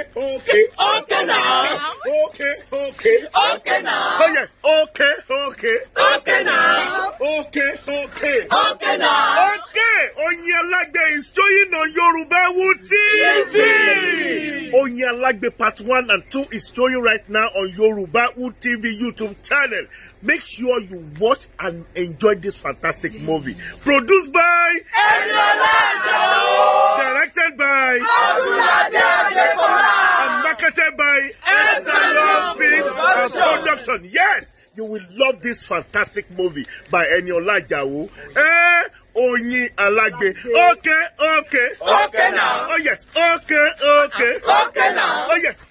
okay, okay, okay now. Okay, okay, okay now. Oh yeah, okay, okay, okay now. Okay, okay, okay now. Okay, on your Onyalagbe is showing on Yoruba Yorubawood TV. the part one and two is showing right now on Yorubawood TV YouTube channel. Make sure you watch and enjoy this fantastic movie. Produced by. Everybody. presented by Excelon Films and Production. Yes, you will love this fantastic movie by Eniola Jawo. Eh? Oyin Alagbe. Okay, okay. Okay now. Oh yes. Okay, okay. Okay now. Oh yes.